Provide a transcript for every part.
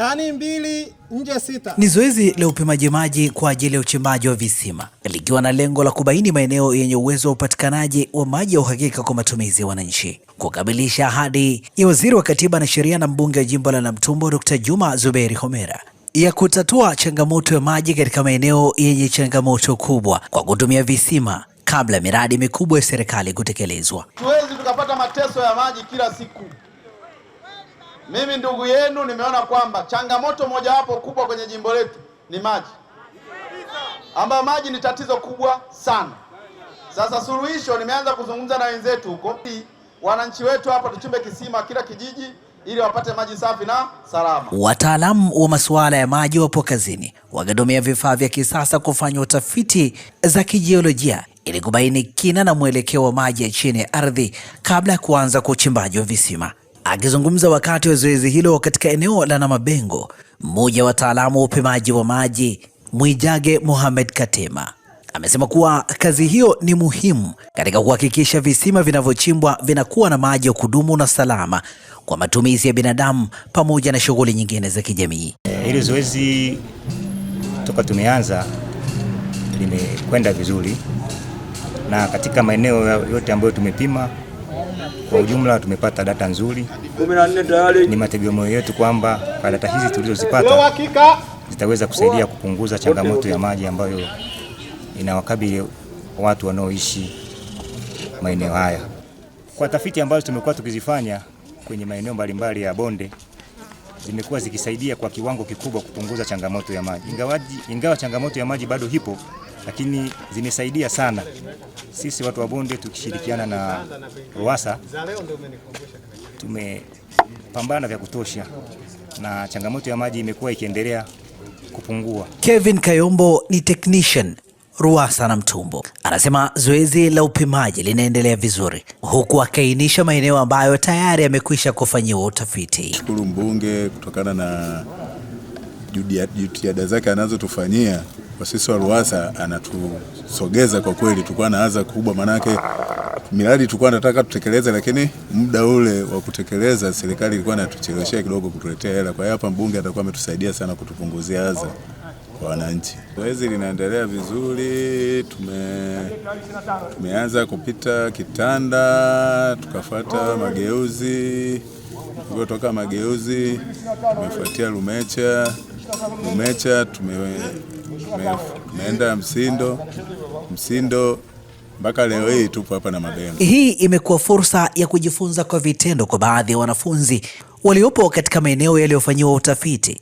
Ndani mbili nje sita. Ni zoezi la upimaji maji kwa ajili ya uchimbaji wa visima likiwa na lengo la kubaini maeneo yenye uwezo wa upatikanaji wa maji ya uhakika kwa matumizi ya wananchi. Kukamilisha ahadi ya Waziri wa Katiba na Sheria na mbunge wa jimbo la Namtumbo Dr. Juma Zuberi Homera ya kutatua changamoto ya maji katika maeneo yenye changamoto kubwa kwa kutumia visima kabla miradi mikubwa ya serikali kutekelezwa. Tuwezi tukapata mateso ya maji kila siku. Mimi ndugu yenu nimeona kwamba changamoto mojawapo kubwa kwenye jimbo letu ni maji, ambayo maji ni tatizo kubwa sana. Sasa suluhisho, nimeanza kuzungumza na wenzetu huko, wananchi wetu hapa tuchimbe kisima kila kijiji ili wapate maji safi na salama. Wataalamu wa masuala ya maji wapo kazini wakitumia vifaa vya kisasa kufanya utafiti za kijiolojia ili kubaini kina na mwelekeo wa maji ya chini ya ardhi kabla ya kuanza kwa uchimbaji wa visima. Akizungumza wakati wa zoezi hilo katika eneo la Namabengo, mmoja wa wataalamu wa upimaji wa maji Mwijage Mohamed Katema amesema kuwa kazi hiyo ni muhimu katika kuhakikisha visima vinavyochimbwa vinakuwa na maji ya kudumu na salama kwa matumizi ya binadamu pamoja na shughuli nyingine za kijamii. Hili zoezi toka tumeanza limekwenda vizuri na katika maeneo yote ambayo tumepima kwa ujumla tumepata data nzuri, ni mategemeo yetu kwamba kwa data hizi tulizozipata zitaweza kusaidia kupunguza changamoto ya maji ambayo inawakabili watu wanaoishi maeneo haya. Kwa tafiti ambazo tumekuwa tukizifanya kwenye maeneo mbalimbali ya bonde zimekuwa zikisaidia kwa kiwango kikubwa kupunguza changamoto ya maji. Ingawa, ingawa changamoto ya maji bado hipo lakini zimesaidia sana sisi watu wa bonde tukishirikiana na ruasa tumepambana vya kutosha, na changamoto ya maji imekuwa ikiendelea kupungua. Kevin Kayombo ni technician ruasa na Mtumbo anasema zoezi la upimaji linaendelea vizuri, huku akiainisha maeneo ambayo tayari yamekwisha kufanyiwa utafiti. Shukuru mbunge kutokana na jitihada zake anazotufanyia kwa sisi wa Ruwasa anatusogeza kwa kweli. Tulikuwa na adha kubwa, maanake miradi tulikuwa nataka tutekeleze, lakini muda ule wa kutekeleza serikali ilikuwa inatucheleweshea kidogo kutuletea hela. Kwa hiyo hapa mbunge atakuwa ametusaidia sana kutupunguzia adha kwa wananchi. Zoezi linaendelea vizuri, tume tumeanza kupita kitanda, tukafata mageuzi toka mageuzi, tumefuatia Lumecha. Lumecha tume tumeenda Msindo, Msindo mpaka leo hii tupo hapa na Mabengo. Hii imekuwa fursa ya kujifunza kwa vitendo kwa baadhi ya wanafunzi waliopo katika maeneo yaliyofanyiwa utafiti.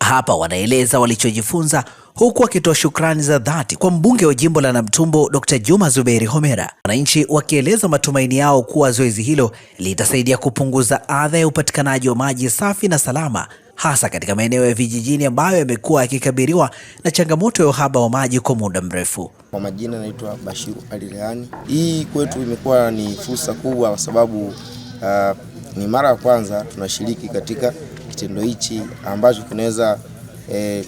Hapa wanaeleza walichojifunza huku wakitoa shukrani za dhati kwa mbunge wa jimbo la Namtumbo Dr. Juma Zuberi Homera, wananchi wakieleza matumaini yao kuwa zoezi hilo litasaidia kupunguza adha ya upatikanaji wa maji safi na salama hasa katika maeneo ya vijijini ambayo yamekuwa yakikabiliwa na changamoto ya uhaba wa maji kwa muda mrefu. Kwa majina naitwa Bashiru Alileani. Hii kwetu imekuwa ni fursa kubwa kwa sababu uh, ni mara ya kwanza tunashiriki katika kitendo hichi ambacho kinaweza eh,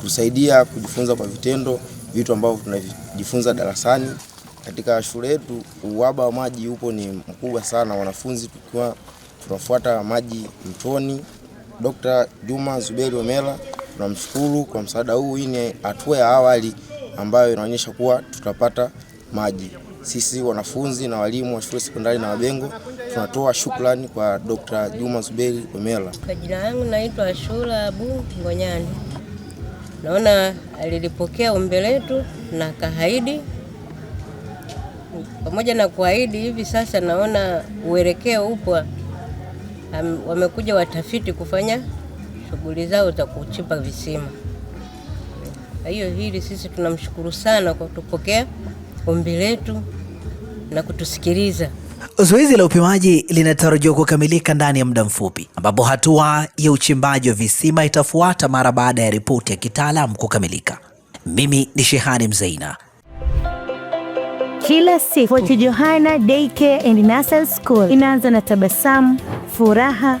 kusaidia kujifunza kwa vitendo vitu ambavyo tunajifunza darasani. Katika shule yetu uhaba wa maji upo ni mkubwa sana, wanafunzi tukiwa tunafuata maji mtoni. Dr. Juma Zuberi Omela tunamshukuru kwa msaada huu. Hii ni hatua ya awali ambayo inaonyesha kuwa tutapata maji. Sisi wanafunzi na walimu wa shule sekondari na Mabengo tunatoa shukrani kwa Dr. Juma Zuberi Omela. Kwa jina langu naitwa Ashura Abu Ngonyani. Naona alilipokea ombi letu na kahaidi pamoja na kuahidi hivi sasa, naona uelekeo upo um, wamekuja watafiti kufanya shughuli zao za kuchimba visima. Kwa hiyo hili sisi tunamshukuru sana kwa kutupokea ombi letu na kutusikiliza. Zoezi la upimaji linatarajiwa kukamilika ndani ya muda mfupi, ambapo hatua ya uchimbaji wa visima itafuata mara baada ya ripoti ya kitaalamu kukamilika. Mimi ni Shehani mzeina kila siku. Fort Johanna Daycare and Nursery School inaanza na tabasamu, furaha